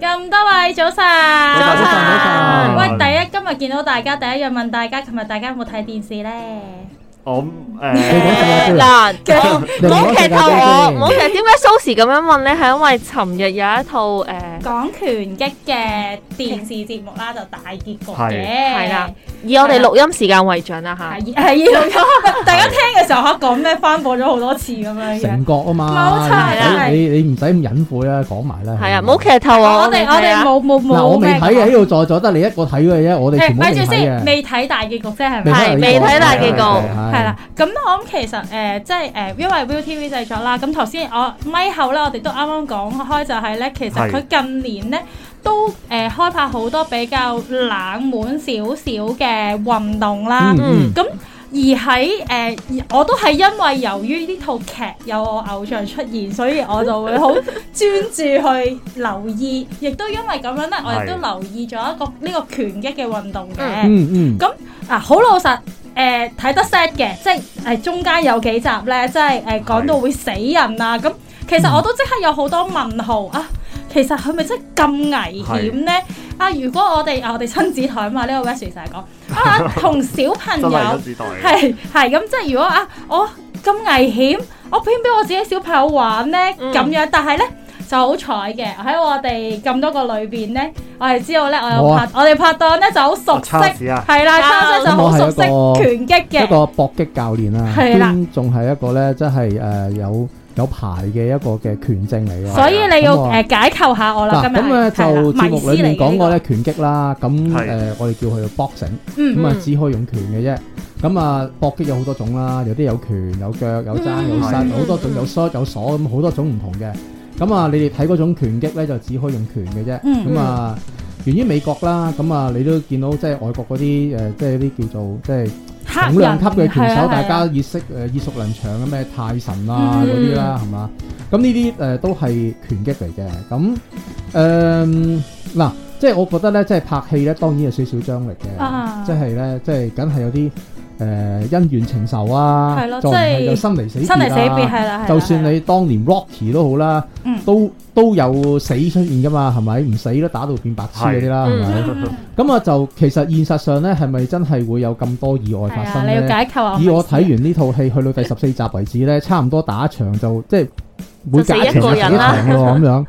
咁多位早晨，早晨。喂，第一今日見到大家，第一樣問大家，琴日大家有冇睇電視咧？我誒，嗱，冇劇透我，冇劇透。點解 Sosze 咁樣問咧？係因為尋日有一套誒講拳擊嘅電視節目啦，就大結局嘅。係啦，以我哋錄音時間為準啦，嚇。係係錄音，大家聽嘅時候可講咩？翻播咗好多次咁樣。成覺啊嘛，冇錯呀，你你唔使咁隱晦啦，講埋啦。係啊，冇劇透啊！我哋我哋冇冇冇。我未睇嘅喺度，在座得你一個睇嘅啫，我哋全部未睇嘅。未睇大結局先係咪？係未睇大結局。係啦，咁我諗其實誒，即係誒，因為 ViuTV 製作啦，咁頭先我咪後啦，我哋都啱啱講開就係咧，其實佢近年咧都誒開拍好多比較冷門少少嘅運動啦，咁而喺誒，我都係因為由於呢套劇有我偶像出現，所以我就會好專注去留意，亦都因為咁樣咧，我亦都留意咗一個呢個拳擊嘅運動嘅，咁啊好老實。誒睇、呃、得 sad 嘅，即係誒、呃、中間有幾集咧，即係誒、呃、講到會死人啊！咁是的 其實我都即刻有好多問號、嗯、啊！其實係咪真係咁危險咧？是的 啊！如果我哋啊，我哋親子台啊嘛，呢、這個 Wesley 成日講啊，同 小朋友係係咁，即係如果啊，我咁危險，我偏俾我自己小朋友玩咧咁、嗯、樣，但係咧。就好彩嘅，喺我哋咁多個裏邊咧，我哋知道咧，我有拍我哋拍檔咧就好熟悉，係啦，熟悉就好熟悉拳擊嘅一個搏擊教練啦，係啦，仲係一個咧，即係誒有有牌嘅一個嘅拳證嚟嘅，所以你要誒解構下我啦，咁啊，題目裏面講過咧拳擊啦，咁誒我哋叫佢 boxing，咁啊只可以用拳嘅啫，咁啊搏擊有好多種啦，有啲有拳有腳有踭有摔，好多種，有梳有鎖，咁好多種唔同嘅。咁啊，你哋睇嗰種拳擊咧，就只可以用拳嘅啫。咁、嗯、啊，源於美國啦。咁啊，你都見到即係外國嗰啲誒，即係啲叫做即係重量級嘅拳手，啊、大家意識誒耳熟能詳嘅咩泰神啊嗰啲啦，係嘛、嗯？咁呢啲誒、呃、都係拳擊嚟嘅。咁誒嗱，即係我覺得咧，即係拍戲咧，當然有少少張力嘅、啊，即係咧，即係緊係有啲。誒恩怨情仇啊，就係就生離死別啦。就算你當年 Rocky 都好啦，都都有死出現噶嘛，係咪？唔死都打到變白痴嗰啲啦，係咪？咁啊，就其實現實上咧，係咪真係會有咁多意外發生解構啊？以我睇完呢套戲去到第十四集為止咧，差唔多打一場就即係每打一場就死一個人喎咁樣。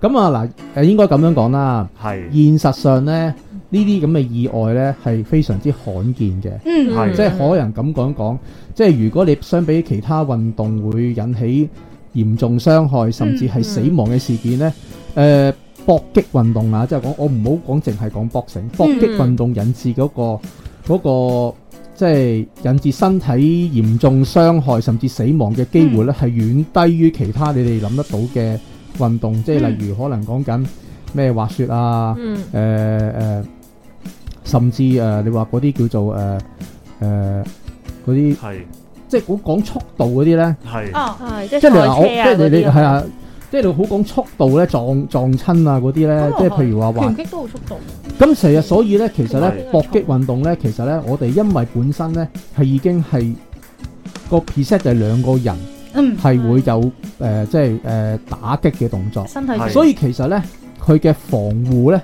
咁啊嗱，誒應該咁樣講啦。係現實上咧。呢啲咁嘅意外呢，係非常之罕見嘅，係、嗯、即係可能咁講講，嗯、即係如果你相比其他運動會引起嚴重傷害甚至係死亡嘅事件呢，嗯呃、搏擊運動啊，即係講我唔好講淨係講 boxing，搏擊運動引致嗰、嗰個嗰、嗯嗰個即係引致身體嚴重傷害甚至死亡嘅機會呢，係遠、嗯、低於其他你哋諗得到嘅運動，嗯、即係例如可能講緊咩滑雪啊，誒誒、嗯。呃呃呃甚至誒，你話嗰啲叫做誒誒嗰啲，即係講講速度嗰啲咧，哦，即係賽車啊，即係你你係啊，即係你好講速度咧撞撞親啊嗰啲咧，即係譬如話拳擊都好速度咁成日所以咧，其實咧搏擊運動咧，其實咧我哋因為本身咧係已經係個 punch 就係兩個人，係會有誒即係誒打擊嘅動作，身體，所以其實咧佢嘅防護咧。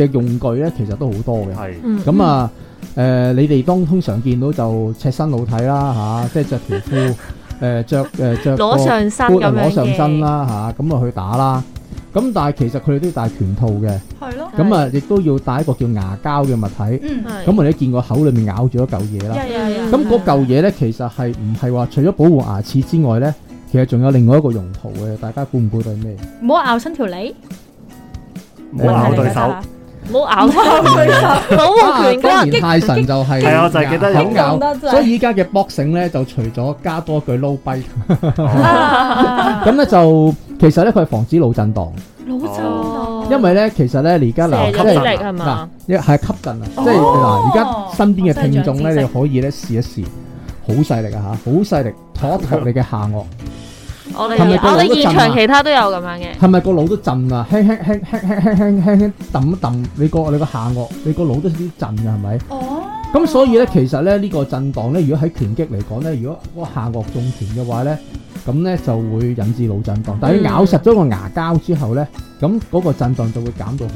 嘅用具咧，其實都好多嘅。係，咁啊，誒，你哋當通常見到就赤身裸體啦，嚇，即係著條褲，誒，著誒，著裸上身咁樣嘅，裸上身啦，嚇，咁啊去打啦。咁但係其實佢哋都要戴拳套嘅。係咯。咁啊，亦都要戴一個叫牙膠嘅物體。嗯，係。咁啊，你見個口裏面咬住一嚿嘢啦。係係係。咁嗰嚿嘢咧，其實係唔係話除咗保護牙齒之外咧，其實仲有另外一個用途嘅。大家估唔估到係咩？唔好咬親條脷。唔好咬對手。冇咬翻佢啊！啊，過太神就係，係啊就係記得咁咬，所以依家嘅 boxing 咧就除咗加多句撈跛，咁咧就其實咧佢係防止腦震盪，腦震盪，因為咧其實咧而家嗱吸力係嘛，一係吸震，啊，即係嗱而家身邊嘅聽眾咧，你可以咧試一試，好勢力啊吓，好勢力，一托你嘅下顎。我哋我哋現場其他都有咁樣嘅，係咪個腦都震呀？輕輕輕輕輕輕輕輕輕揼一揼，你個你個下顎，你個腦都少震嘅，有啲震嘅係咪？哦，咁所以咧，其實咧呢個震盪咧，如果喺拳擊嚟講咧，如果個下顎中拳嘅話咧，咁咧就會引致腦震盪。但係咬實咗個牙膠之後咧，咁嗰個震盪就會減到好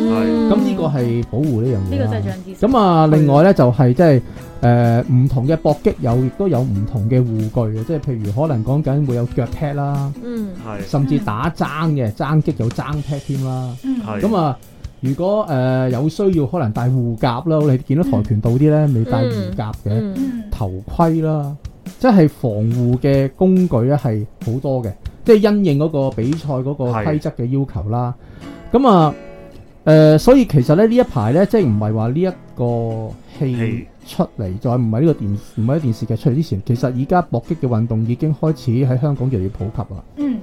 低。係。都係保護呢樣嘢，咁啊，語另外咧就係即係誒，唔、呃、同嘅搏擊有亦都有唔同嘅護具嘅，即、就、係、是、譬如可能講緊會有腳 pad 啦，嗯，係，甚至打踭嘅踭擊有踭 pad 添啦，係、嗯、咁、嗯、啊，如果誒、呃、有需要，可能戴護甲啦，你哋見到跆拳道啲咧未戴護甲嘅頭盔啦，嗯嗯嗯、即係防護嘅工具咧係好多嘅，即、就、係、是、因應嗰個比賽嗰個規則嘅要求啦，咁、嗯、啊。誒、呃，所以其實咧呢一排呢，即係唔係話呢一個戲出嚟，是再唔係呢個電唔係呢個電視劇出嚟之前，其實而家搏擊嘅運動已經開始喺香港越嚟越普及啦。嗯，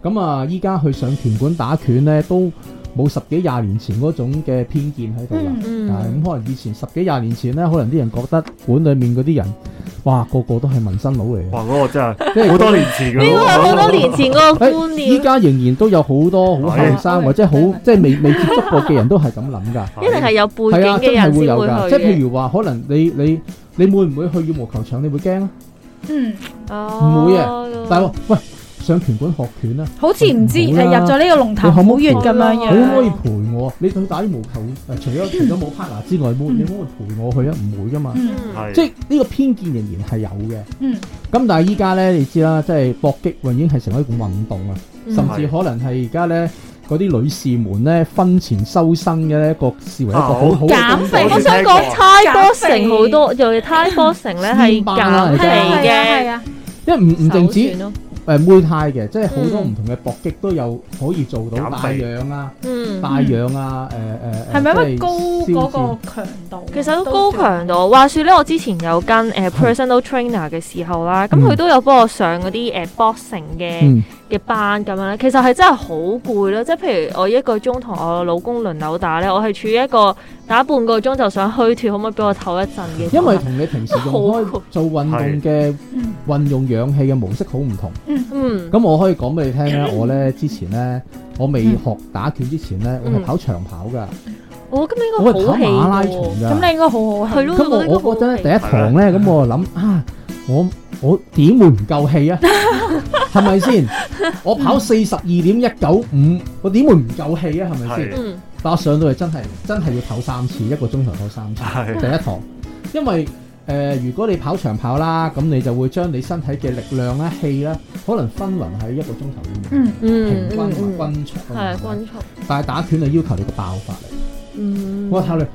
咁啊，依家去上拳館打拳呢都，冇十幾廿年前嗰種嘅偏見喺度啦，咁可能以前十幾廿年前咧，可能啲人覺得館裏面嗰啲人，哇，個個都係紋身佬嚟嘅。哇，嗰個真係，即係好多年前嘅。呢個好多年前個觀念，依家仍然都有好多好後生或者好即係未未接觸過嘅人都係咁諗㗎。一定係有背景係啊，真係會有㗎。即係譬如話，可能你你你會唔會去羽毛球場？你會驚啊？嗯，唔會啊。大佬。喂。想拳館學拳啦，好似唔知係入咗呢個龍頭會員咁樣樣。好可以陪我，你去打羽毛球，除咗除咗冇 partner 之外，冇你可唔可以陪我去啊，唔會噶嘛。即係呢個偏見仍然係有嘅。咁但係依家咧，你知啦，即係搏擊運已經係成為一種運動啊，甚至可能係而家咧，嗰啲女士們咧，婚前修身嘅一個視為一個好好嘅減肥。我想講泰戈成好多，因為泰戈成咧係減肥嘅，因為唔唔凈止。誒妹泰嘅，嗯、即係好多唔同嘅搏擊都有可以做到帶氧啊，帶、嗯、氧啊，誒誒、嗯，係咪乜高嗰個強度，啊？其實都高強度。話説咧，我之前有跟誒 personal trainer 嘅時候啦、啊，咁佢、嗯、都有幫我上嗰啲誒 boxing 嘅嘅班咁樣咧。嗯、其實係真係好攰啦，即係譬如我一個鐘同我老公輪流打咧，我係處於一個打半個鐘就想虛脫，可唔可以俾我唞一陣嘅，啊？因為同你平時用開做運動嘅運用氧氣嘅模式好唔同。嗯嗯，咁我可以講俾你聽咧，我咧之前咧，我未學打拳之前咧，我係跑長跑噶。我咁應該跑馬拉松㗎，咁你應該好好氣。咁我我我覺得第一堂咧，咁我諗啊，我我點會唔夠氣啊？係咪先？我跑四十二點一九五，我點會唔夠氣啊？係咪先？但我上到嚟真係真係要唞三次，一個鐘頭唞三次，第一堂，因為。誒，如果你跑長跑啦，咁你就會將你身體嘅力量啦、氣啦，可能分勻喺一個鐘頭入面，平均均速。係均速。但係打拳就要求你爆發力。嗯。我睇你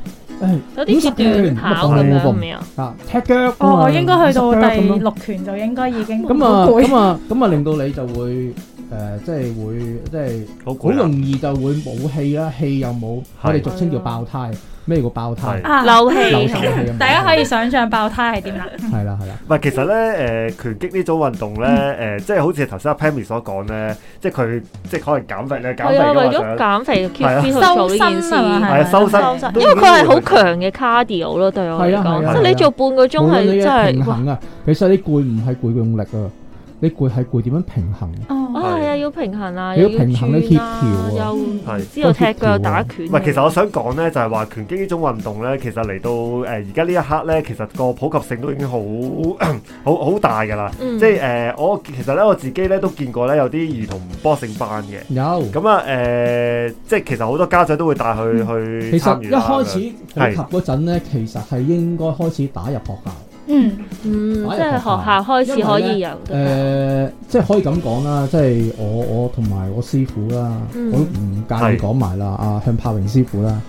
有啲脫掉鞋咁樣，係咪啊？啊，踢腳。哦，應該去到第六拳就應該已經咁啊！咁啊！咁啊！令到你就會誒，即係會，即係好容易就會冇氣啦，氣又冇。我哋俗稱叫爆胎。咩叫爆胎漏氣？大家可以想象爆胎係點啦。係啦，係啦，喂，其實咧，誒、呃，拳擊呢種運動咧，誒、嗯呃，即係好似頭先阿 Pammy 所講咧，即係佢即係可能減肥咧，減肥，為咗減肥，係啊，啊收身啊，係啊的，收身，的因為佢係好強嘅 cardio 咯。對我嚟講，即係你做半個鐘係真係平衡啊。其實你攰唔係攰用力啊，你攰係攰點樣平衡。哦要平衡啊，要啊平衡協調啊，又知道是踢腳、啊、打拳。唔係，其實我想講咧，就係、是、話拳擊呢種運動咧，其實嚟到誒而家呢一刻咧，其實個普及性都已經 好好好大噶啦。嗯、即係誒、呃，我其實咧我自己咧都見過咧，有啲兒童 boxing 班嘅。有咁啊，誒、呃，即係其實好多家長都會帶佢去。嗯、去其實一開始學習嗰陣咧，是 其實係應該開始打入學校。嗯嗯，嗯即係學校開始可以有誒、呃，即係可以咁講啦，即係我我同埋我師傅啦，嗯、我都唔介意講埋啦，阿是、啊、向柏榮師傅啦，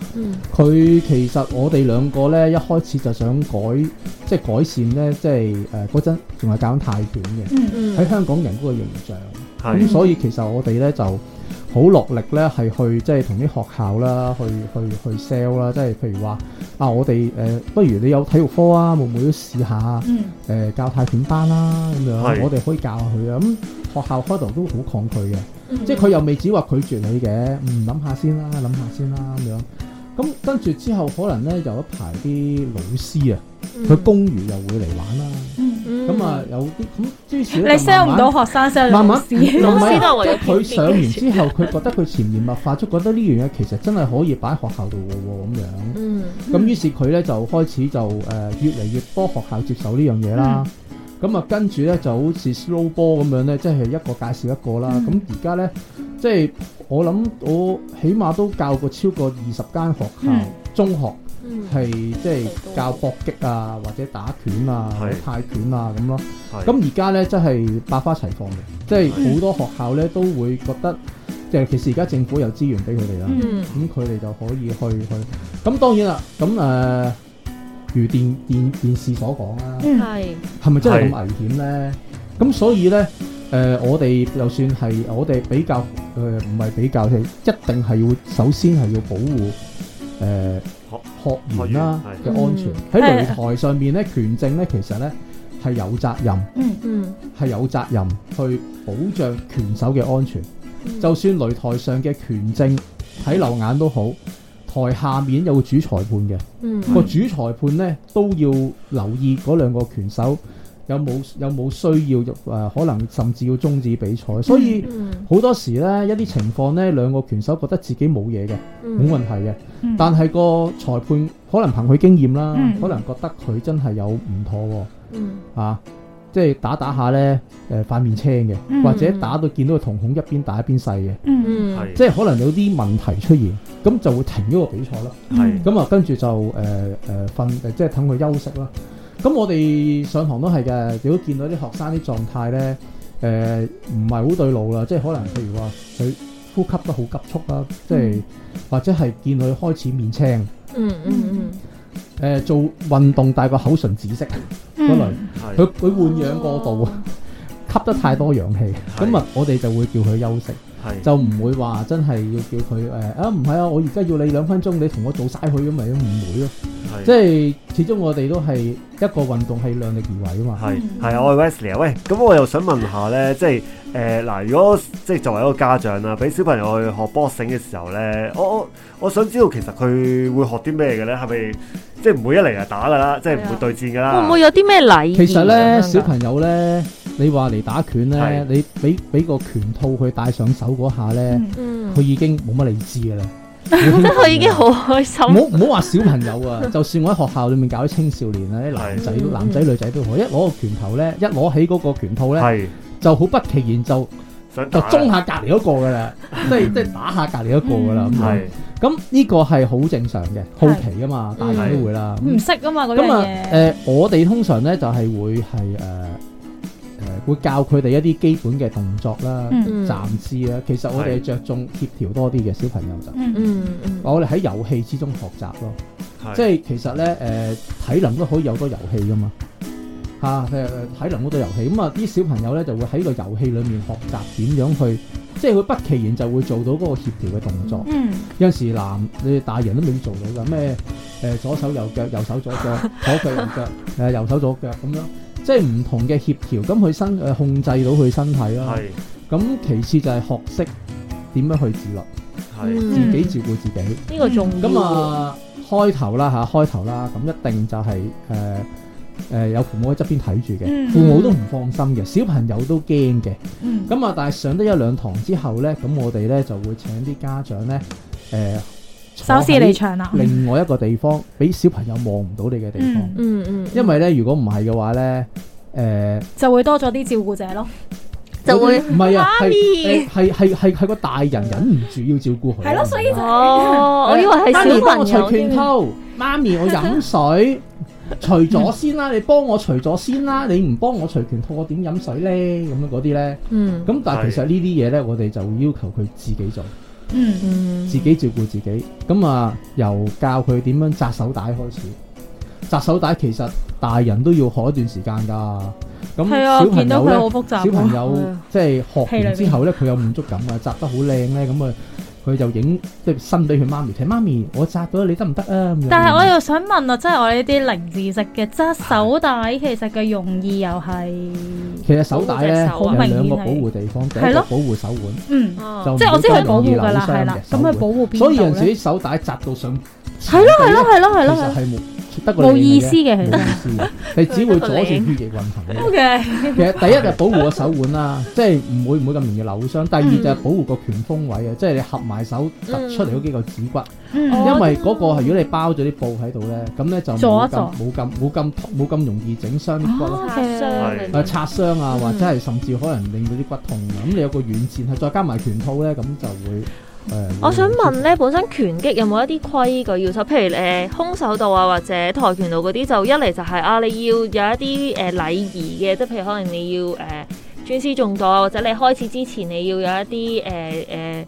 佢、嗯、其實我哋兩個咧一開始就想改，即係改善咧，即係誒嗰陣仲係搞泰拳嘅，喺、嗯嗯、香港人嗰個形象，咁是所以其實我哋咧就。好落力咧，係去即係同啲學校啦，去去去 sell 啦，即係譬如話啊，我哋誒、呃，不如你有體育科啊，會唔會都試下啊？誒、嗯呃，教泰拳班啦咁樣，是我哋可以教下佢啊。咁、嗯、學校開頭都好抗拒嘅，嗯、即係佢又未至話拒絕你嘅，唔、嗯、諗下先啦，諗下先啦咁樣。咁跟住之後，可能咧有一排啲老師啊，佢、嗯、工餘又會嚟玩啦。咁啊、嗯，有啲咁，之你 sell 唔到學生 sell 慢慢老師，唔係即係佢上完之後，佢 覺得佢潛移默化，就覺得呢樣嘢其實真係可以擺喺學校度嘅喎，咁樣。咁於、嗯、是佢咧就開始就誒、呃、越嚟越多學校接受呢樣嘢啦。嗯嗯咁啊，跟住咧就好似 slow 波咁樣咧，即、就、係、是、一個介紹一個啦。咁而家咧，即係、就是、我諗，我起碼都教過超過二十間學校，嗯、中學係即係教搏擊啊，或者打拳啊、泰是拳啊咁咯。咁而家咧，即係百花齊放嘅，即係好多學校咧都會覺得，即尤其是而家政府有資源俾佢哋啦。咁佢哋就可以去去。咁當然啦，咁誒。呃如電電電視所講啦，係係咪真係咁危險咧？咁是所以咧，誒、呃、我哋就算係我哋比較誒唔係比較，係、呃、一定係要首先係要保護誒、呃、學學員啦、啊、嘅安全。喺、嗯、擂台上面咧，是拳證咧其實咧係有責任，嗯嗯，係、嗯、有責任去保障拳手嘅安全。嗯、就算擂台上嘅拳證睇漏眼都好。台下面有個主裁判嘅，個、嗯、主裁判呢都要留意嗰兩個拳手有冇有冇需要，誒、呃、可能甚至要中止比賽。嗯、所以好、嗯、多時呢，一啲情況呢，兩個拳手覺得自己冇嘢嘅，冇、嗯、問題嘅，嗯、但係個裁判可能憑佢經驗啦，嗯、可能覺得佢真係有唔妥喎、喔，嗯、啊！即係打打下咧，誒、呃、塊面青嘅，嗯嗯或者打到見到個瞳孔一邊大一邊細嘅，嗯嗯即係可能有啲問題出現，咁就會停咗個比賽啦。咁啊、嗯，就跟住就誒誒瞓，即係等佢休息啦。咁我哋上堂都係嘅，如果見到啲學生啲狀態咧，誒唔係好對路啦，即係可能譬如話佢呼吸得好急促啊，嗯、即係或者係見佢開始面青。嗯，嗯嗯嗯。嗯誒、呃，做運動但係個口唇紫色，可能佢佢換氧過度啊，哦、吸得太多氧氣，咁啊是我哋就會叫佢休息，是就唔會話真係要叫佢誒、呃，啊唔係啊，我而家要你兩分鐘，你同我做晒佢咁咪唔會咯、啊，是即係始終我哋都係。一個運動係量力而為嘛。 啊嘛，係係啊。我係 Wesley 啊，喂，咁我又想問下咧，即係誒嗱，如果即係作為一個家長啊，俾小朋友去學 boxing 嘅時候咧，我我我想知道其實佢會學啲咩嘅咧？係咪即係唔會一嚟就打噶啦？即係唔會對戰噶啦？會唔會有啲咩禮儀？其實咧，小朋友咧，你話嚟打拳咧，是啊、你俾俾個拳套佢戴上手嗰下咧，佢、嗯嗯、已經冇乜理智噶啦。覺得佢已經好開心。唔好唔好話小朋友啊，就算我喺學校裏面教啲青少年啊，啲男仔、男仔、女仔都好，一攞個拳頭咧，一攞起嗰個拳套咧，就好不期然就就中下隔籬嗰個噶啦，即係即係打下隔籬嗰個噶啦。咁呢個係好正常嘅，好奇啊嘛，大家都會啦。唔識啊嘛，嗰樣嘢。咁啊，誒，我哋通常咧就係會係誒。會教佢哋一啲基本嘅動作啦、站姿啦。其實我哋着重協調多啲嘅小朋友就，嗯嗯嗯、我哋喺遊戲之中學習咯。嗯、即係其實咧，誒、呃，體能都可以有多遊戲噶嘛。吓、啊，體能好多遊戲。咁、嗯、啊，啲小朋友咧就會喺個遊戲裏面學習點樣去，即係佢不其然就會做到嗰個協調嘅動作。嗯、有陣時男你哋大人都未必做到噶，咩？誒、呃，左手右腳，右手左腳，左腳右腳，誒、 呃，右手左腳咁樣。即係唔同嘅協調，咁佢身誒控制到佢身體啦、啊。係是。咁其次就係學識點樣去自律，係是、嗯、自己照顧自己。呢個重要。咁啊，開頭啦嚇，開頭啦，咁一定就係誒誒有父母喺側邊睇住嘅，嗯、父母都唔放心嘅，小朋友都驚嘅。嗯。咁啊，但係上得一兩堂之後咧，咁我哋咧就會請啲家長咧誒。呃呃首先離場啦！另外一個地方，俾小朋友望唔到你嘅地方。嗯嗯。因為咧，如果唔係嘅話咧，誒就會多咗啲照顧者咯，就會唔係啊，係係係係個大人忍唔住要照顧佢。係咯，所以哦，我以為係小朋友除拳套，媽咪我飲水，除咗先啦，你幫我除咗先啦，你唔幫我除拳套，我點飲水咧？咁樣嗰啲咧，嗯，咁但係其實呢啲嘢咧，我哋就要求佢自己做。嗯， 自己照顧自己，咁啊由教佢點樣紮手帶開始。紮手帶其實大人都要學一段時間㗎，咁、嗯嗯、小朋友咧，複雜哦、小朋友即係學完之後咧，佢有滿足感啊，紮得好靚咧，咁、嗯、啊。嗯嗯 佢就影，即係伸俾佢媽咪睇，媽咪我紮咗你得唔得啊？但係我又想問啊，即係我哋呢啲零字式嘅紮手帶，其實嘅用意又係其實手帶咧、啊、有兩個保護地方，係咯保護手腕，嗯咯，不即係我知佢保護噶啦，係啦腕，咁佢保護邊度咧？所以有陣時啲手帶紮到上。係咯係咯係咯係咯，係冇意思嘅，冇意思嘅，你只會阻住血液運行嘅。其實第一就保護個手腕啦， 即係唔會唔會咁容易扭傷。嗯、第二就係保護個拳鋒位嘅，嗯、即係你合埋手突、嗯、出嚟嗰幾個指骨，嗯、因為嗰個係如果你包咗啲布喺度咧，咁咧就冇咁冇咁冇咁冇咁容易整傷骨。傷啊！擦傷啊，的或者係甚至可能令到啲骨痛啊。咁、嗯、你有個軟墊，係再加埋拳套咧，咁就會。嗯、我想問咧，本身拳擊有冇一啲規矩要守？譬如誒、呃，空手道啊，或者跆拳道嗰啲，就一嚟就係、是、啊，你要有一啲誒禮儀嘅，即係譬如可能你要誒尊師重道啊，或者你開始之前你要有一啲誒誒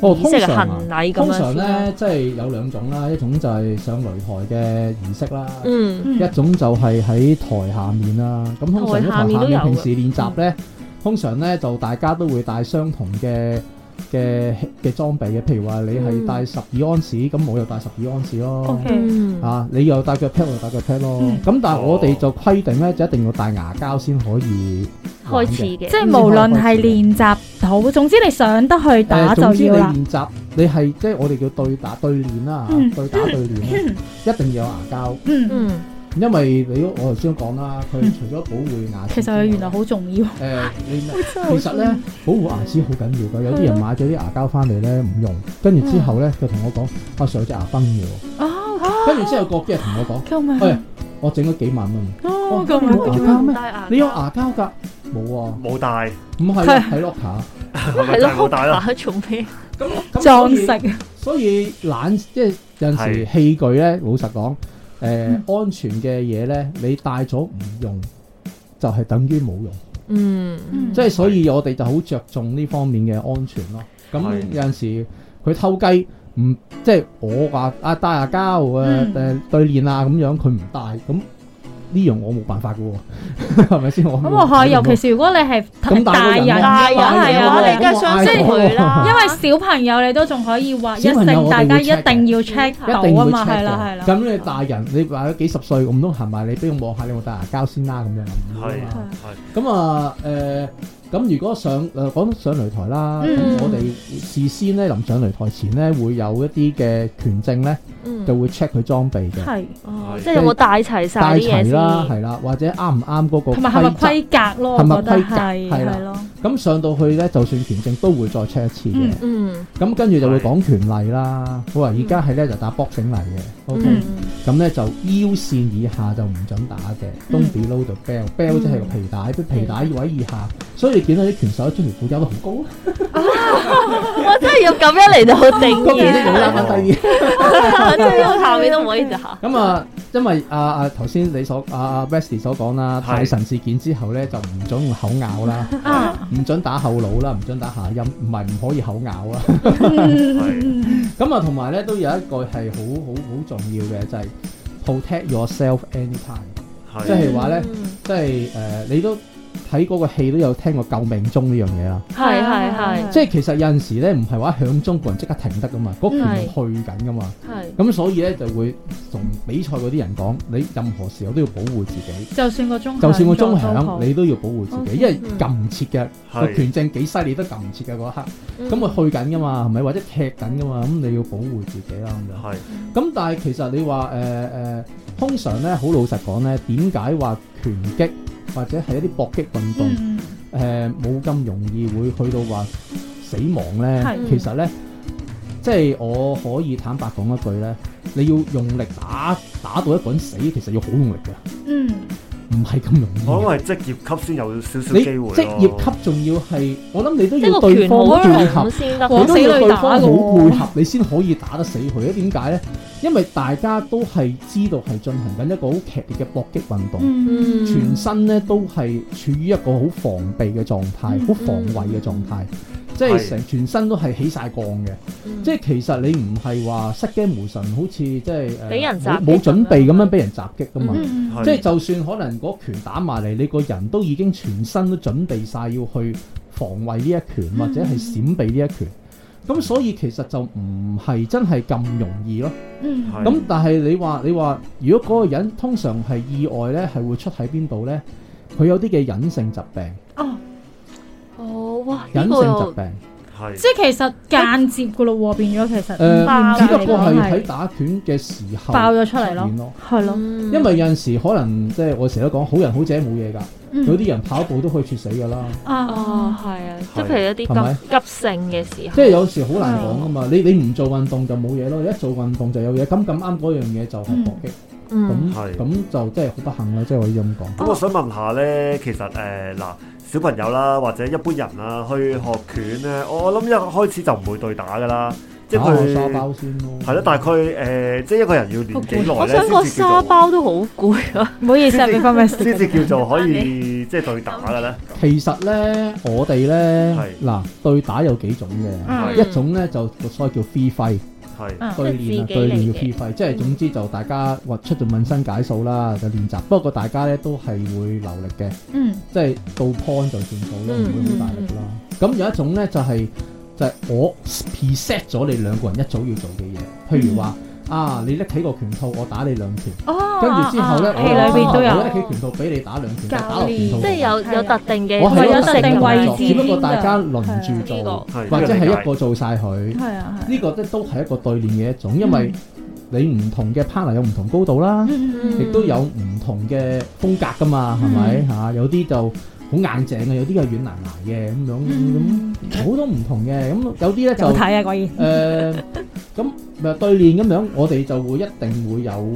儀式嘅行禮咁、哦、通常咧、啊，即係有兩種啦，一種就係上擂台嘅儀式啦，嗯，嗯一種就係喺台下面啦。咁通常喺台下面平時練習咧，通常咧就大家都會帶相同嘅。嘅嘅裝備嘅，譬如話你係戴十二安士，咁我又戴十二安士咯。嚇，你又戴腳 pad 我又戴腳 pad 咯。咁但係我哋就規定咧，就一定要戴牙膠先可以開始嘅。即係無論係練習好，總之你上得去打就要啦。總之你練習，你係即係我哋叫對打對練啦，嚇，對打對練一定要有牙膠。嗯嗯。因為你我頭先講啦，佢除咗保護牙齒，其實佢原來好重要。誒，你其實咧保護牙齒好緊要噶，有啲人買咗啲牙膠翻嚟咧唔用，跟住之後咧佢同我講：阿 Sir 有隻牙崩嘅。哦，跟住之後過幾日同我講：救命！我整咗幾萬蚊。哦，咁牙膠咩？你有牙膠噶？冇啊，冇戴，唔係喺 locker，係 locker。冇戴啦，做咩？咁裝飾。所以懶，即係有陣時器具咧，老實講。誒、呃嗯、安全嘅嘢咧，你帶咗唔用，就係、是、等於冇用，嗯。嗯，即係所以我哋就好着重呢方面嘅安全咯。咁、嗯、有陣時佢偷雞，唔即係我話啊帶牙膠啊，誒對練啊咁樣，佢唔帶咁。呢樣我冇辦法噶喎，係咪先我？咁啊，尤其是如果你係大人大人嘅啊，你而家相信佢啦！因為小朋友你都仲可以話一定大家一定要 check 到啊嘛，係啦係啦。咁你大人，你話咗幾十歲，咁都行埋你，俾我望下你有冇戴牙膠先啦咁樣。係係。咁啊，誒，咁如果上誒講上擂台啦，我哋事先咧臨上擂台前咧會有一啲嘅權證咧。就會 check 佢裝備嘅，係，即係有冇帶齊晒？啲嘢帶齊啦，係啦，或者啱唔啱嗰個。佢咪係咪規格咯？覺得係係咯。咁上到去咧，就算拳證都會再 check 一次嘅。嗯。咁跟住就會講拳例啦。好啦，而家係咧就打 boxing 例嘅，OK。咁咧就腰線以下就唔準打嘅。東比 low d bell，bell 即係個皮帶，皮帶位以下。所以你見到啲拳手咧，出條褲有好高。我真係要咁樣嚟到好定義。呢個下面都唔可以嚇。咁啊，因為啊啊頭先你所啊 Wesley 所講啦，泰臣事件之後咧，就唔准用口咬啦，唔准打後腦啦，唔准打下陰，唔係唔可以口咬啦。係。 咁 啊，同埋咧都有一個係好好好重要嘅，就係、是、protect yourself anytime，呢 即係話咧，即係誒你都。睇嗰個戲都有聽過救命鐘呢樣嘢啦，係係係，即係其實有陣時咧唔係話響鐘個人即刻停得噶嘛，嗰拳去緊噶嘛，係，咁所以咧就會同比賽嗰啲人講，你任何時候都要保護自己，就算個鐘就算個鐘響，你都要保護自己，因為撳唔切嘅個拳正幾犀利都撳唔切嘅嗰一刻，咁佢去緊噶嘛，係咪或者踢緊噶嘛，咁你要保護自己啦咁就，係，咁但係其實你話誒誒，通常咧好老實講咧，點解話拳擊？或者係一啲搏擊運動，誒冇咁容易會去到話死亡咧。係。其實咧，即係我可以坦白講一句咧，你要用力打打到一個人死，其實要好用力嘅。嗯。唔係咁容易，我諗係職業級先有少少機會咯。你職業級仲要係，我諗你都要對方配合先得，你都要對方好配合，你先可以打得死佢。點解咧？因為大家都係知道係進行緊一個好劇烈嘅搏擊運動，嗯、全身咧都係處於一個好防備嘅狀態，好防衞嘅狀態。嗯嗯即係成全身都係起晒槓嘅，嗯、即係其實你唔係話失驚無神，好似即係俾人冇準備咁樣俾人襲擊㗎無嘛。嗯、哼即係就算可能嗰拳打埋嚟，你個人都已經全身都準備晒要去防衞呢一拳，或者係閃避呢一拳。咁、嗯、所以其實就唔係真係咁容易咯。咁、嗯、但係你話你話，如果嗰個人通常係意外咧，係會出喺邊度咧？佢有啲嘅隱性疾病。哦。哇！隱性疾病，係即係其實間接噶咯，變咗其實誒，只不過係喺打拳嘅時候爆咗出嚟咯，係咯，因為有陣時可能即係我成日都講好人好姐冇嘢㗎，有啲人跑步都可以猝死㗎啦，啊，哦，係啊，即係譬如一啲急急性嘅時候，即係有時好難講啊嘛，你你唔做運動就冇嘢咯，一做運動就有嘢，咁咁啱嗰樣嘢就係搏擊，咁咁就真係好不幸啦，即係可以咁講。咁我想問下咧，其實誒嗱。小朋友啦，或者一般人啦、啊，去學拳咧，我諗一開始就唔會對打噶啦，即係打個沙包先咯，係啦，大概，誒，即係一個人要練幾耐我想個沙包都好攰啊，唔好意思先至叫做可以 即係對打嘅咧。其實咧，我哋咧，嗱是對打有幾種嘅，嗯、一種咧就個所謂叫飛揮。係對練啊，對練要 keep fit，即係總之就大家或出咗渾身解數啦練習，就練習。不過大家咧都係會流力嘅，嗯、即係到 point 就算數咯，唔、嗯、會好大力咯。咁、嗯、有一種咧就係、是、就是、我 preset 咗你兩個人一早要做嘅嘢，譬如話。嗯啊！你拎起個拳套，我打你兩拳。哦，跟住之後咧，我我拎起拳套俾你打兩拳，打落拳套。即係有有特定嘅，有特定位置，只不過大家輪住做，或者係一個做晒佢。係啊，呢個都都係一個對練嘅一種，因為你唔同嘅 partner 有唔同高度啦，亦都有唔同嘅風格噶嘛，係咪嚇？有啲就好硬淨嘅，有啲係軟難捱嘅咁樣咁，好多唔同嘅咁。有啲咧就睇啊，誒咁。咪對練咁樣，我哋就會一定會有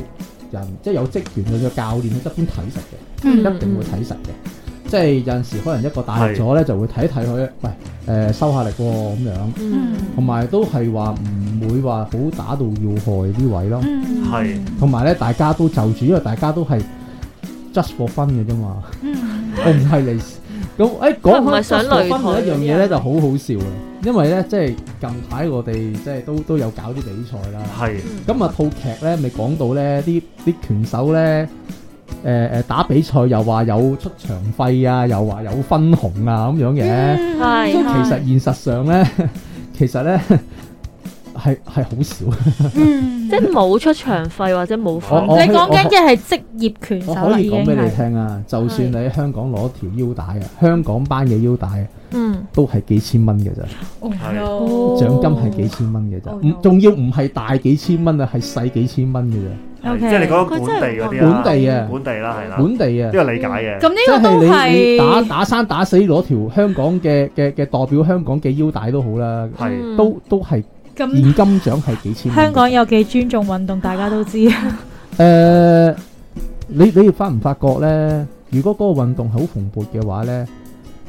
人，即、就、係、是、有職權嘅教練去側邊睇實嘅，嗯、一定會睇實嘅。即係有陣時可能一個打熱咗咧，就會睇一睇佢，是喂，誒、呃、收下力喎、哦、咁樣。同埋、嗯、都係話唔會話好打到要害啲位咯。係、嗯。同埋咧，大家都就住，因為大家都係 just for fun 嘅啫嘛。嗯，我唔係嚟。咁誒，講唔係想上嚟嘅一樣嘢咧，啊、就好好笑嘅，因為咧即係近排我哋即係都都有搞啲比賽啦。係咁啊，套劇咧咪講到咧啲啲拳手咧誒誒打比賽又話有出場費啊，又話有分紅啊咁樣嘅。係、嗯、其實現實上咧，其實咧。係係 係係好少，嗯，即係冇出場費或者冇。你講緊嘅係職業拳手啦，已經係。我可以講俾你聽啊，就算你喺香港攞條腰帶啊，香港班嘅腰帶啊，嗯，都係幾千蚊嘅啫，係獎金係幾千蚊嘅啫，唔仲要唔係大幾千蚊啊，係細幾千蚊嘅啫，即係你講本地嗰啲啊，本地啊，本地啦，係啦，本地啊，呢個理解嘅。咁呢個都係打打生打死攞條香港嘅嘅嘅代表香港嘅腰帶都好啦，係都都係。現金獎係幾千。嗯？香港有幾尊重運動？大家都知。誒、呃，你你要發唔發覺呢？如果嗰個運動好蓬勃嘅話呢，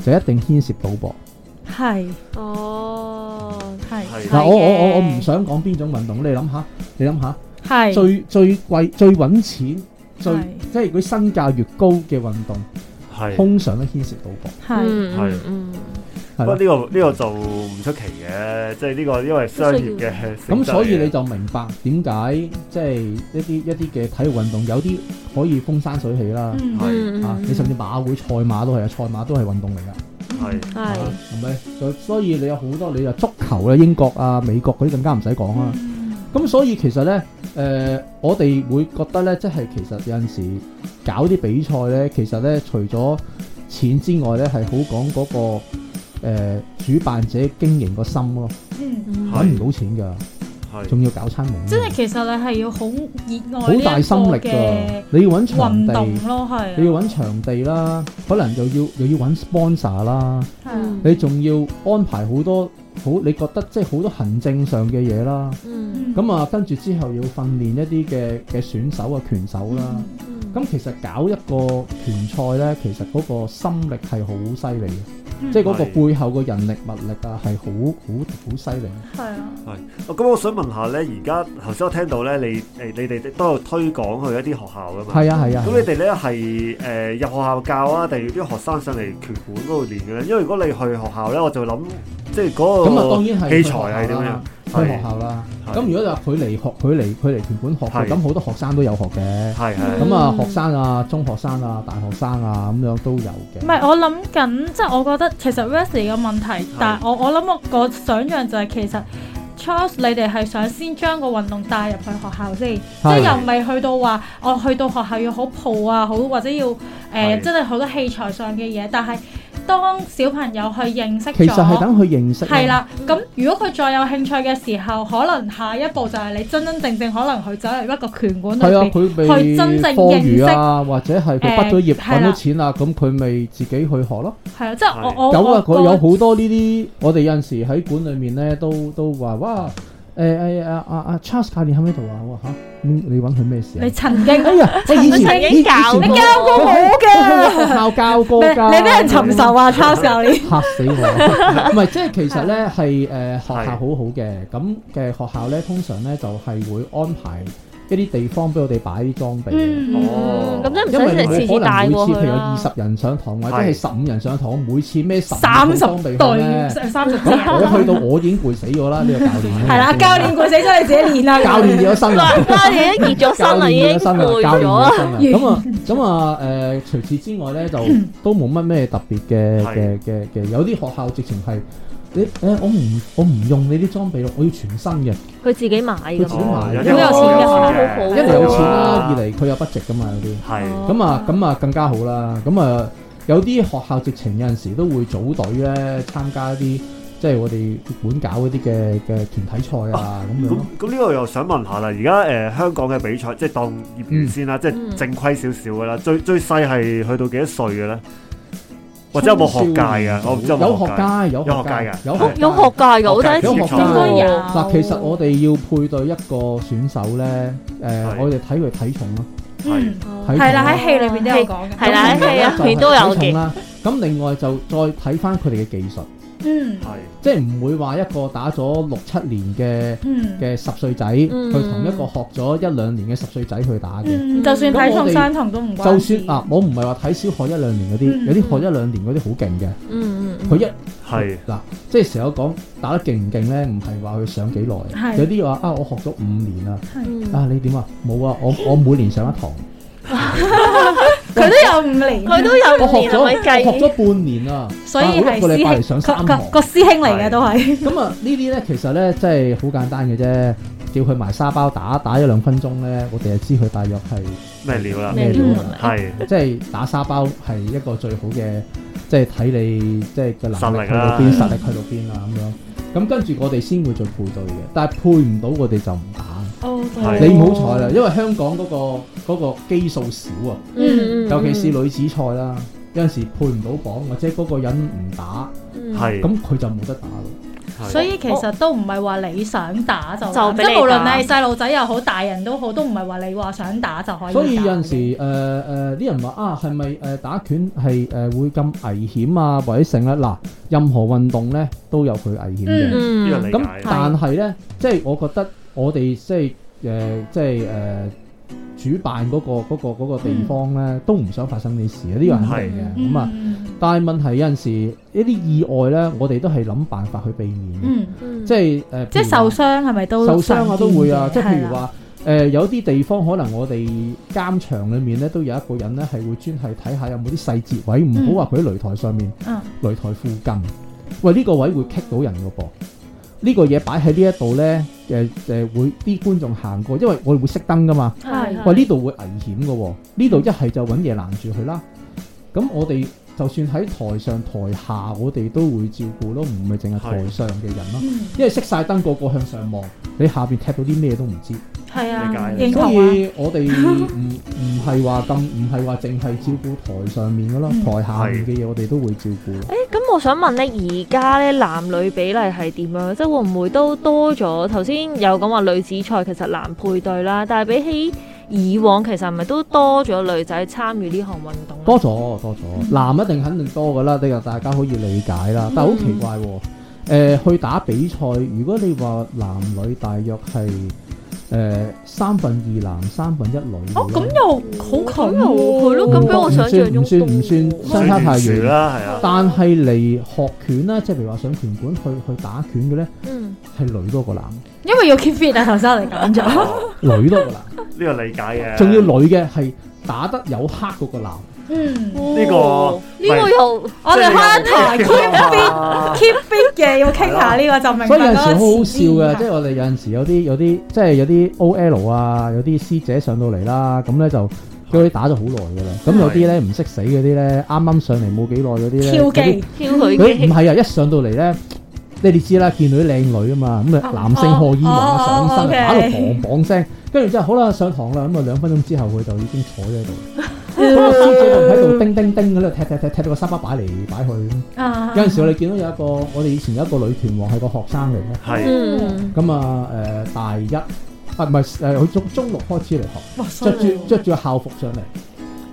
就一定牽涉賭博。係是，哦，係。嗱，我我我唔想講邊種運動。你諗下，你諗下，係是最最貴、最搵錢、最是即係佢身價越高嘅運動，係是通常都牽涉賭博。係是，係是，嗯。係呢、呢個呢的個做唔出奇嘅，即係呢個因為商業嘅咁，所以你就明白點解即係一啲一啲嘅體育運動有啲可以風生水起啦。係的啊，你甚至馬會賽馬都係啊，賽馬都係運動嚟噶，係係咪？所以你有好多你啊足球啊，英國啊、美國嗰啲更加唔使講啦。咁、嗯、所以其實咧，誒、呃，我哋會覺得咧，即係其實有陣時搞啲比賽咧，其實咧除咗錢之外咧，係好講嗰、那個。誒、呃，主辦者經營個心咯，揾唔、嗯嗯、到錢㗎，係的，仲要搞餐務。即係其實你係要好熱愛，好大心力㗎。你要揾場地動咯，係，你要揾場地啦，可能要又要又要揾 sponsor 啦，嗯、你仲要安排好多好，你覺得即係好多行政上嘅嘢啦。咁啊、嗯，嗯、跟住之後要訓練一啲嘅嘅選手啊、拳手啦。咁其實搞一個拳賽咧，其實嗰個心力係好犀利嘅。嗯、即係嗰個背後個人力物力啊，係好好好犀利。係啊，係。咁我想問下咧，而家頭先我聽到咧，你誒，你哋都有推廣去一啲學校噶嘛？係啊，係啊。咁、啊啊、你哋咧係誒入學校教啊，定係啲學生上嚟拳館嗰度練嘅咧？因為如果你去學校咧，我就諗即係嗰個器材係點樣？喺學校啦，咁的如果佢離學，佢離佢離原本學校，咁好的多學生都有學嘅。咁啊的學生啊的中學生啊、大學生啊咁樣都有嘅。唔係，我諗緊，即係我覺得其實 Wesley 嘅問題，的但係我我諗我個想像就係其實 Charles 你哋係想先將個運動帶入去學校先，即係的又未去到話，我、哦、去到學校要好抱啊，好或者要誒真係好多器材上嘅嘢，但係。當小朋友去認識，其實係等佢認識。係啦，咁如果佢再有興趣嘅時候，可能下一步就係你真真正正可能去走入一個拳館，係啊，佢未去真正認識啊，或者係佢畢咗業揾、呃、到錢啦，咁佢咪自己去學咯。係啊，即、就、係、是、我我的有佢有好多呢啲，我哋有陣時喺館裏面咧都都話哇。誒誒誒誒、欸、誒、欸啊啊、，Charles 教練喺咪度啊？吓，你揾佢咩事？你曾經，哎呀，我經以前教你，你教過我嘅學校，教教過，你俾人尋仇啊？Charles 教練嚇死我！唔係， 即係其實咧，係誒、呃、 學校好好嘅，咁嘅學校咧，通常咧就係、是、會安排。一啲地方俾我哋擺啲裝備，哦，咁真唔使成時自帶過去。因為可能每次譬如二十人上堂，或者係十五人上堂，每次咩十裝備，三十對，三十，我去到我已經攰死咗啦，呢個教練。係啦，教練攰死咗你自己練啦。教練熱咗身，教練熱咗身啦，已經，攰咗。咁啊，咁啊，誒，除此之外咧，就都冇乜咩特別嘅嘅嘅嘅，有啲學校直情係。你，誒我唔我唔用你啲裝備咯，我要全新嘅。佢自己買，佢自己買，好有錢嘅，好一嚟有錢啦，二嚟佢有不值噶嘛嗰啲。係。咁啊咁啊更加好啦。咁啊有啲學校直情有陣時都會組隊咧，參加啲即係我哋本搞嗰啲嘅嘅團體賽啊咁樣。咁咁呢個又想問下啦，而家誒香港嘅比賽，即係當業餘先啦，即係正規少少噶啦，最最細係去到幾多歲嘅咧？或者有冇學界噶，有學界，有學界噶，有學界噶，有學界噶，有學界有。嗱，其實我哋要配對一個選手咧，誒，我哋睇佢體重咯。嗯，係啦，喺戲裏面都有講嘅，係啦，喺戲入面都有嘅。咁另外就再睇翻佢哋嘅技術。嗯，係，即係唔會話一個打咗六七年嘅嘅十歲仔，去同一個學咗一兩年嘅十歲仔去打嘅。就算睇上三堂都唔關事。就算啊，我唔係話睇小學一兩年嗰啲，有啲學一兩年嗰啲好勁嘅。嗯嗯，佢一係嗱，即係成日講打得勁唔勁咧，唔係話佢上幾耐，有啲話啊，我學咗五年啊，啊你點啊？冇啊，我我每年上一堂。佢 都有五年，佢都有。我學咗半學咗半年啊。所以係師兄，我拜上三個個師兄嚟嘅都係是。咁啊，呢啲咧其實咧，即係好簡單嘅啫。叫佢埋沙包打，打一兩分鐘咧，我哋就知佢大約係咩料啦，咩料係，即係是打沙包係一個最好嘅，即係睇你即係個能力去到邊，啊、實力去到邊啊咁樣。咁跟住我哋先會做配對嘅，但係配唔到我哋就唔打。你唔好彩啦，因為香港嗰個嗰個基數少啊，尤其是女子賽啦，有陣時配唔到榜或者嗰個人唔打，係咁佢就冇得打咯。所以其實都唔係話你想打就即係無論你係細路仔又好，大人都好，都唔係話你話想打就可以。所以有陣時誒誒啲人話啊係咪誒打拳係誒會咁危險啊或者成日嗱，任何運動咧都有佢危險嘅，咁但係咧即係我覺得。我哋即係誒、呃，即係誒、呃，主辦嗰、那個嗰、那個那個、地方咧，都唔想發生呢事啊！呢、這個肯定嘅咁啊，但係問題有陣時一啲意外咧，我哋都係諗辦法去避免嘅，嗯，即係誒。即、呃、係受傷係咪都？受傷啊都會啊！即係譬如話誒、呃，有啲地方可能我哋監場裏面咧，都有一個人咧係會專係睇下有冇啲細節位，唔好話佢喺擂台上面，嗯，啊、擂台附近，喂，呢、這個位會棘到人嘅噃。嗯呢個嘢擺喺呢一度呢，誒、呃、誒、呃、會啲觀眾行過，因為我哋會熄燈噶嘛。係的，喂呢度會危險嘅喎，呢度一係就揾嘢攔住佢啦。咁我哋就算喺台上台下，我哋都會照顧咯，唔係淨係台上嘅人咯。的因為熄晒燈，個個向上望，你下邊踢到啲咩都唔知。係啊，所以我哋唔唔係話咁，唔係話淨係照顧台上面噶啦， 台下面嘅嘢我哋都會照顧。誒、嗯，咁、欸、我想問咧，而家咧男女比例係點樣？即係會唔會都多咗？頭先有講話女子賽其實男配對啦，但係比起以往，其實係咪都多咗女仔參與呢項運動呢？多咗，多咗，男一定肯定多噶啦，呢個大家可以理解啦。嗯、但係好奇怪、哦，誒、呃，去打比賽，如果你話男女大約係。誒，三分二男，三分一女。哦，咁又好近啊，係咯。咁樣我想象唔算唔算，相差太遠啦。係啊，但係嚟學拳啦，即係譬如話上拳館去去打拳嘅，咧，嗯，係女多過男。因為要 keep fit 啊，頭先我哋講咗，女多過男，呢個理解嘅。仲要女嘅係打得有黑嗰個男。嗯，呢、這個呢噢個又我哋翻台 keep fit keep fit 嘅要傾下呢個就明 所以有陣時好好笑嘅，嗯、即係我哋有陣時有啲有啲即係有啲 O L 啊，有啲師姐上到嚟啦，咁咧就佢是打咗好耐嘅啦。咁有啲咧唔識死嗰啲咧，啱啱上嚟冇幾耐嗰啲咧，挑機些挑女機。佢唔係啊，一上到嚟咧，你哋知啦，見到啲靚女啊嘛，咁啊男性荷爾蒙上身，哦哦 okay，打到磅磅聲，跟住之後好啦，上堂啦，咁啊兩分鐘之後佢就已經坐咗喺度。嗰個師姐就喺度叮叮叮喺度踢踢踢，踢到個沙包擺嚟擺去。啊、有陣時我哋見到有一個，我哋以前有一個女拳王係個學生嚟嘅。係咁的啊，誒、呃，大一啊，唔係誒，佢、啊、從中六開始嚟學，着住着住校服上嚟，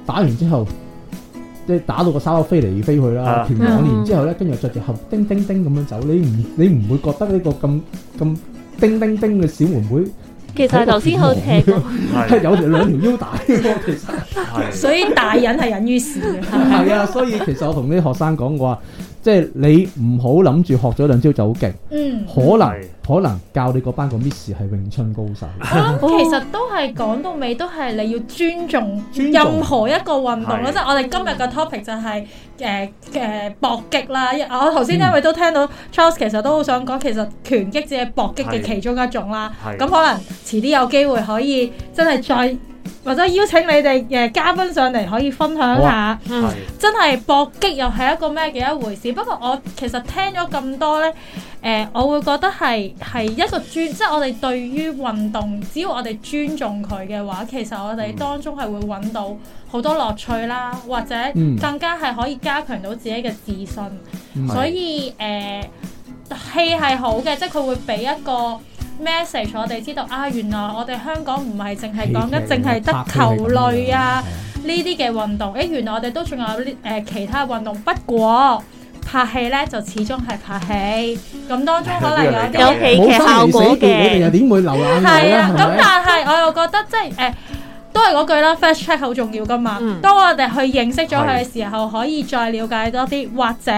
打完之後，即係打到個沙包飛嚟飛去啦。拳的王練完之後咧，跟住着住鞋叮叮叮咁樣走，你唔你唔會覺得呢個咁咁叮叮叮嘅小妹妹。其實頭先好踢過， 有條兩條腰帶。其實，所以大隱係隱於事嘅。係啊， 所以其實我同啲學生講過話。即係你唔好諗住學咗兩招就好勁，嗯、可能、嗯、可能教你嗰班個 miss 係詠春高手、哦。我諗其實都係講到尾都係你要尊重任何一個運動啦，尊重即係我哋今日嘅 topic 就係誒搏擊啦。我頭先因為都聽到 Charles 其實都好想講，其實拳擊只係搏擊嘅其中一種啦。咁可能遲啲有機會可以真係再。或者邀請你哋嘅、呃、嘉賓上嚟可以分享下，嗯、真係搏擊又係一個咩嘅一回事？不過我其實聽咗咁多呢，誒、呃、我會覺得係係一個尊，即係我哋對於運動，只要我哋尊重佢嘅話，其實我哋當中係會揾到好多樂趣啦，或者更加係可以加強到自己嘅自信。嗯、所以誒、呃，氣係好嘅，即係佢會俾一個。Message 我哋知道啊，原來我哋香港唔係淨係講緊淨係得球類啊呢啲嘅運動，誒、原來我哋都仲有啲誒、呃、其他運動。不過拍戲呢就始終係拍戲，咁當中可能有啲戲劇效果嘅。係啊，咁、啊、吧但係我又覺得即係誒、呃，都係嗰句啦，flash check 好重要噶嘛。嗯、當我哋去認識咗佢嘅時候，的可以再了解多啲，或者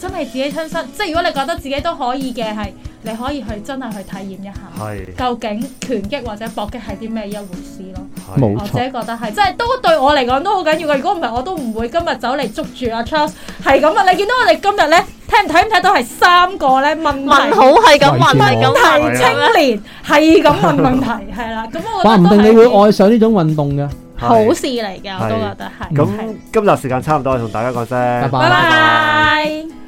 真係自己親身。即係如果你覺得自己都可以嘅，係。你可以去真係去體驗一下，是究竟拳擊或者搏擊係啲咩一回事咯。冇錯，或者覺得係，即係都對我嚟講都好緊要嘅。如果唔係，我都唔會今日走嚟捉住阿、啊、Charles。係咁啊！你見到我哋今日咧，唔睇唔睇到係三個咧問題問好係咁問問題，青年係咁問問題，係啦。咁我話唔定你會愛上呢種運動嘅好事嚟嘅，我都覺得係。咁、嗯、今日時間差唔多，同大家講聲，拜拜，拜拜。拜拜。